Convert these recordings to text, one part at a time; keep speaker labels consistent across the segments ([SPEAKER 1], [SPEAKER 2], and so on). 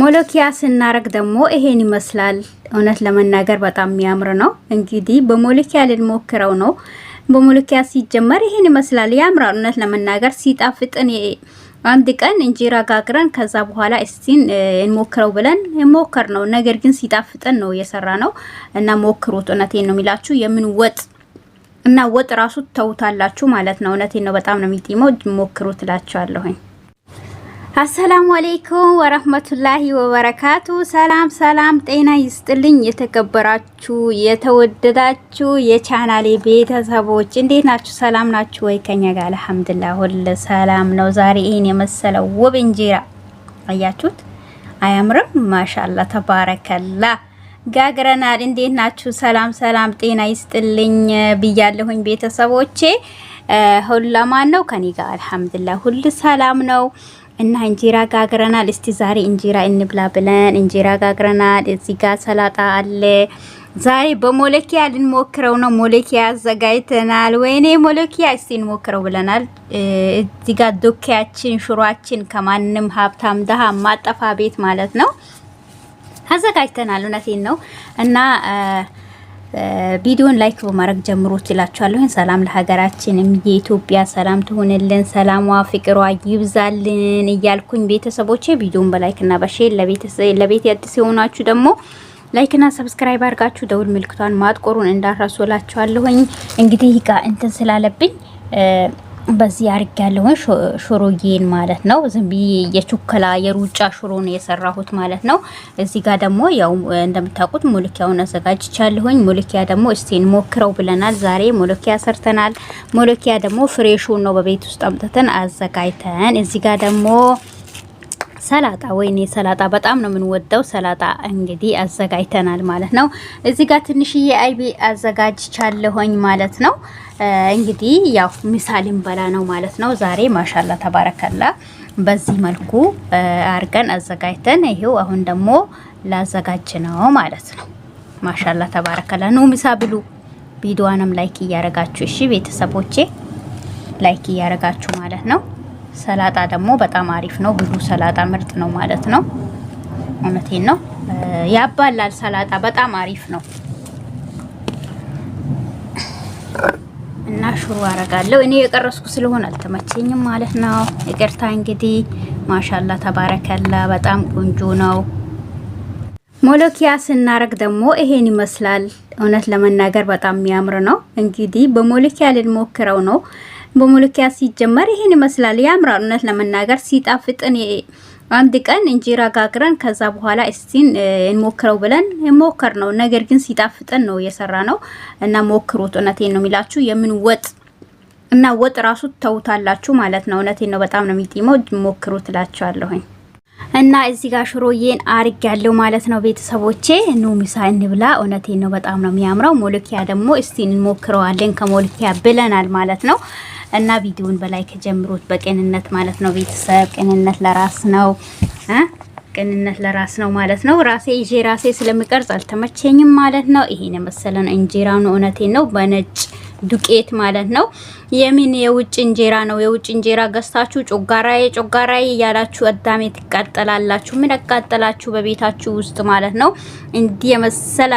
[SPEAKER 1] ሞለኪያ ስናረግ ደግሞ ይሄን ይመስላል። እውነት ለመናገር በጣም የሚያምር ነው። እንግዲህ በሞለኪያ ልንሞክረው ነው። በሞለኪያ ሲጀመር ይሄን ይመስላል፣ ያምራል። እውነት ለመናገር ሲጣፍጥን አንድ ቀን እንጀራ ጋግረን ከዛ በኋላ እስቲን እንሞክረው ብለን ሞከር ነው። ነገር ግን ሲጣፍጥን ነው የሰራ ነው እና ሞክሩት። እውነቴን ነው የሚላችሁ የምን ወጥ እና ወጥ ራሱ ተውታላችሁ ማለት ነው። እውነቴን ነው። በጣም ነው የሚጥመው። ሞክሩት እላችኋለሁኝ። አሰላሙ አሌይኩም ወረህመቱላሂ ወበረካቱ። ሰላም ሰላም፣ ጤና ይስጥልኝ። የተከበራችሁ የተወደዳችሁ የቻናሌ ቤተሰቦች እንዴት ናችሁ? ሰላም ናችሁ ወይ? ከኛ ጋር አልሐምዱሊላህ ሁሉ ሰላም ነው። ዛሬ ይህን የመሰለው ውብ እንጀራ አያችሁት? አያምርም? ማሻላ ተባረከላ ጋግረናል። እንዴት ናችሁ? ሰላም ሰላም፣ ጤና ይስጥልኝ ብያለሁኝ ቤተሰቦቼ። ሁሉ ለማን ነው? ከኔ ጋር አልሐምዱሊላህ ሁሉ ሰላም ነው። እና እንጀራ ጋግረናል። እስቲ ዛሬ እንጀራ እንብላ ብለን እንጀራ ጋግረናል። እዚህ ጋር ሰላጣ አለ። ዛሬ በሞለኪያ ልንሞክረው ነው። ሞለኪያ አዘጋጅተናል። ወይኔ ሞለኪያ እስቲ እንሞክረው ብለናል። እዚህ ጋር ዶኪያችን፣ ሽሯችን ከማንም ሀብታም ደሃ ማጠፋ ቤት ማለት ነው አዘጋጅተናል። እውነቴን ነው እና ቪዲዮን ላይክ በማድረግ ጀምሮት ይላችኋለሁ። ሰላም ለሀገራችንም የኢትዮጵያ ሰላም ትሆንልን፣ ሰላሟ ፍቅሯ ይብዛልን እያልኩኝ ቤተሰቦቼ ቪዲዮን በላይክ እና በሼር ለቤት አዲስ የሆናችሁ ደግሞ ላይክ እና ሰብስክራይብ አድርጋችሁ ደውል ምልክቷን ማጥቆሩን እንዳትረሱ እንግዲህ ጋ እንትን ስላለብኝ በዚህ አርግ ያለውን ሽሮዬን ማለት ነው። ዝም ብዬ የቹከላ የሩጫ ሽሮ ነው የሰራሁት ማለት ነው። እዚህ ጋር ደግሞ ያው እንደምታውቁት ሙልኪያውን አዘጋጅቻለሁኝ። ሙልኪያ ደግሞ እስቲን ሞክረው ብለናል። ዛሬ ሙልኪያ ሰርተናል። ሙልኪያ ደግሞ ፍሬሹን ነው በቤት ውስጥ አምጥተን አዘጋጅተን እዚህ ጋር ደግሞ ሰላጣ ወይኔ ሰላጣ በጣም ነው የምንወደው። ሰላጣ እንግዲህ አዘጋጅተናል ማለት ነው። እዚህ ጋር ትንሽዬ አይቢ አዘጋጅቻለሁኝ ማለት ነው። እንግዲህ ያው ምሳሌም ልንበላ ነው ማለት ነው ዛሬ። ማሻላ ተባረከላ። በዚህ መልኩ አርገን አዘጋጅተን ይሄው አሁን ደግሞ ላዘጋጅ ነው ማለት ነው። ማሻላ ተባረከላ። ነው። ምሳ ብሉ። ቪዲዮዋንም ላይክ እያረጋችሁ እሺ ቤተሰቦቼ ላይክ እያረጋችሁ ማለት ነው። ሰላጣ ደግሞ በጣም አሪፍ ነው። ብዙ ሰላጣ ምርጥ ነው ማለት ነው። እውነቴን ነው፣ ያባላል። ሰላጣ በጣም አሪፍ ነው እና ሽሮ አረጋለሁ እኔ የቀረስኩ ስለሆነ አልተመቸኝም ማለት ነው። ይቅርታ እንግዲህ። ማሻላ ተባረከላ፣ በጣም ቆንጆ ነው። ሞሎኪያ ስናረግ ደግሞ ይሄን ይመስላል። እውነት ለመናገር በጣም የሚያምር ነው። እንግዲህ በሞሎኪያ ልንሞክረው ነው በሙሉኪያ ሲጀመር ይሄን ይመስላል። ያምራል። እውነት ለመናገር ሲጣፍጥን አንድ ቀን እንጀራ ጋግረን ከዛ በኋላ እስቲን እንሞክረው ብለን ሞከር ነው። ነገር ግን ሲጣፍጥን ነው የሰራ ነው እና ሞክሩት። እውነቴን ነው የሚላችሁ የምን ወጥ እና ወጥ ራሱ ተውታላችሁ ማለት ነው። እውነቴን ነው በጣም ነው የሚጥመው። ሞክሩት እላችኋለሁኝ። እና እዚህ ጋር ሽሮዬን አርግ ያለው ማለት ነው። ቤተሰቦቼ ኑ ምሳ እንብላ። እውነቴን ነው በጣም ነው የሚያምረው። ሞልኪያ ደግሞ እስቲ እንሞክረዋለን ከሞልኪያ ብለናል ማለት ነው። እና ቪዲዮን በላይ ከጀምሮት በቅንነት ማለት ነው። ቤተሰብ ቅንነት ለራስ ነው። ቅንነት ለራስ ነው ማለት ነው። ራሴ ይዤ ራሴ ስለምቀርጽ አልተመቸኝም ማለት ነው። ይሄን የመሰለ ነው ነው፣ እውነቴን ነው በነጭ ዱቄት ማለት ነው። የምን የውጭ እንጀራ ነው? የውጭ እንጀራ ገዝታችሁ ጮጋራዬ ጮጋራዬ እያላችሁ አዳሜ ትቃጠላላችሁ። ምን አቃጠላችሁ? በቤታችሁ ውስጥ ማለት ነው። እንዲህ የመሰለ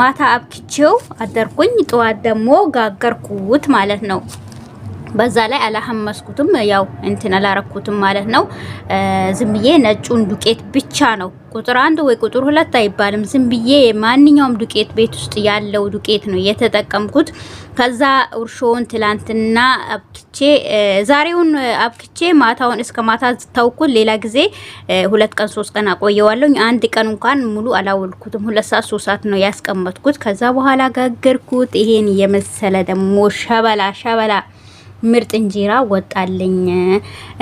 [SPEAKER 1] ማታ አብክቼው አደርኩኝ፣ ጠዋት ደግሞ ጋገርኩት ማለት ነው። በዛ ላይ አላሐመስኩትም ያው እንትን አላረኩትም ማለት ነው። ዝምዬ ብዬ ነጩን ዱቄት ብቻ ነው ቁጥር አንድ ወይ ቁጥር ሁለት አይባልም። ዝም ብዬ ማንኛውም ዱቄት ቤት ውስጥ ያለው ዱቄት ነው የተጠቀምኩት። ከዛ እርሾውን ትላንትና አብክቼ ዛሬውን አብክቼ ማታውን እስከ ማታ ታውኩት። ሌላ ጊዜ ሁለት ቀን ሶስት ቀን አቆየዋለሁ። አንድ ቀን እንኳን ሙሉ አላወልኩትም። ሁለት ሰዓት ሶስት ሰዓት ነው ያስቀመጥኩት። ከዛ በኋላ ጋገርኩት። ይሄን የመሰለ ደግሞ ሸበላ ሸበላ ምርጥ እንጀራ ወጣልኝ።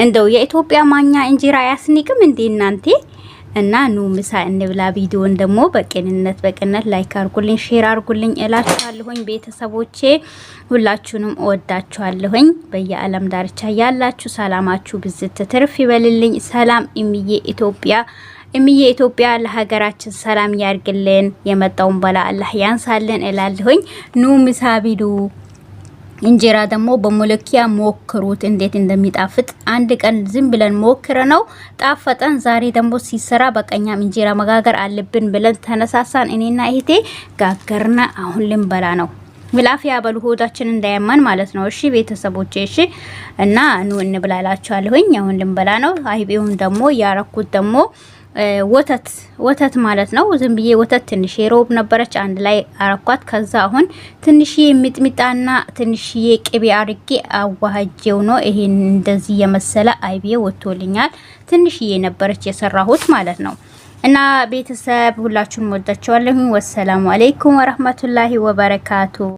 [SPEAKER 1] እንደው የኢትዮጵያ ማኛ እንጀራ አያስኒቅም እንዴ እናንቴ? እና ኑ ምሳ እንብላ። ቪዲዮን ደግሞ በቅንነት በቅንነት ላይክ አርጉልኝ፣ ሼር አርጉልኝ እላችኋለሁኝ። ቤተሰቦቼ ሁላችሁንም እወዳችኋለሁኝ። በየዓለም ዳርቻ ያላችሁ ሰላማችሁ ብዝት ትርፍ ይበልልኝ። ሰላም እምዬ ኢትዮጵያ እምዬ ኢትዮጵያ ለሀገራችን ሰላም ያርግልን። የመጣውን በላ አላህ ያንሳልን እላለሁኝ። ኑ ምሳ ቢዱ እንጀራ ደግሞ በሞለኪያ ሞክሩት እንዴት እንደሚጣፍጥ። አንድ ቀን ዝም ብለን ሞክረ ነው ጣፈጠን። ዛሬ ደግሞ ሲሰራ በቀኛም እንጀራ መጋገር አለብን ብለን ተነሳሳን። እኔና እህቴ ጋገርና አሁን ልንበላ ነው። ምላፍ ያበሉ ሆዳችን እንዳያመን ማለት ነው። እሺ ቤተሰቦች፣ እሺ እና ኑ እንብላላችኋለሁኝ። አሁን ልንበላ ነው። አይቤውን ደግሞ ያረኩት ደግሞ ወተት ወተት ማለት ነው። ዝም ብዬ ወተት ትንሽ ሮብ ነበረች አንድ ላይ አረኳት። ከዛ አሁን ትንሽዬ ሚጥሚጣና ትንሽዬ ቅቤ አርጌ አዋሃጀው ነው ይሄን እንደዚህ የመሰለ አይቤ ወጥቶልኛል። ትንሽዬ ነበረች የሰራሁት ማለት ነው። እና ቤተሰብ ሁላችሁን ወዳችኋለሁ። ወሰላሙ አለይኩም ወራህመቱላሂ ወበረካቱ